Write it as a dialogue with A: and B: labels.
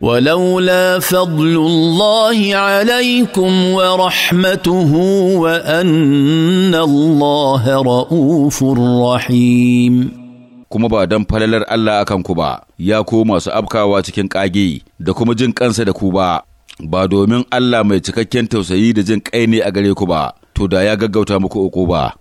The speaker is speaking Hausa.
A: ولولا فضل الله عليكم ورحمته
B: وأن الله رؤوف رحيم kuma ba don falalar Allah akan ku ba, ya ko masu afkawa cikin ƙage da kuma jin ƙansa da ku ba, ba domin Allah mai cikakken tausayi da jin ƙai ne a gare ku ba, to da ya gaggauta muku uku ba.